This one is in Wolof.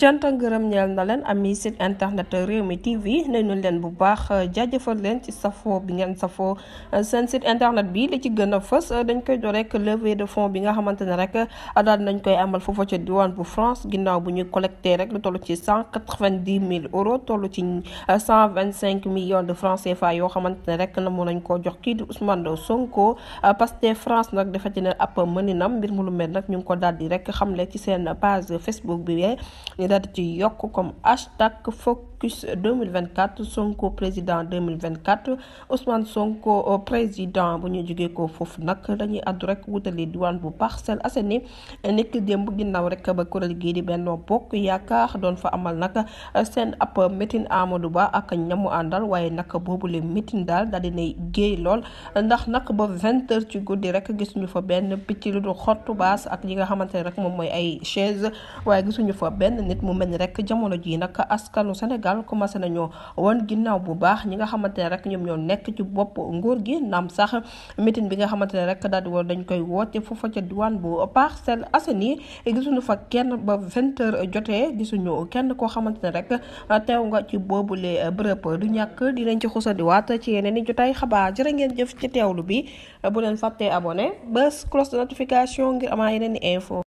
cant ak ngërëm ñeel na leen ami site internet réew mi TV nañu leen bu baax jaajëfal leen ci safoo bi ngeen safoo seen site internet bi li ci gën a fës dañ koy do rek levée de fonds bi nga xamante ne rek daal nañ koy amal foofa ca diwaan bu France ginnaaw bu ñuy collecté rek lu toll ci cent quatre-vingt-dix mille euros toll ci cent vingt-cinq millions de francs CFA yoo xamante ne rek na mun nañ koo jox kii di Ousmane Sonko Pastef France nag dafa ci ne ab mëninam mbir mu lu mel nag ñu ngi ko daal di rek xamle ci seen page Facebook bi nga daal di ci yokk comme hashtag Focus 2024 Sonko président 2024 Ousmane Sonko euh, président bu ñu jógee ko foofu nag dañuy àddu rek wutali diwaan bu seen Assainies nekk démb ginnaaw rek ba kuréel géey di Benno Bokk Yaakaar doon fa amal nag euh, seen ab meeting Amadou Ba ak ñamu àndal waaye nag boobule meeting daal daal dinay géey lool ndax nag ba vingt heures ci guddi rek gisuñu fa benn picc lu du xottu baas ak li nga xamante ne rek moom mooy ay chaise waaye gisuñu fa benn nit mu mel ni rek jamono ji nag askanu Sénégal Sénégal commencé nañoo wan ginnaaw bu baax ñi nga xamante ne rek ñoom ñoo nekk ci bopp nguur gi naam sax meeting bi nga xamante ne rek daal di woon dañ koy woote foofa ca diwaan bu Parcelles Assainies gisuñu fa kenn ba vingt heures jotee gisuñu kenn koo xamante ne rek teew nga ci boobule bërëb du ñàkk dinañ ci xusandiwaat ci yeneen i jotaay xabaar jërë ngeen jëf ci teewlu bi bu leen fàttee abonné bés cloche de notification ngir amaa yeneen i info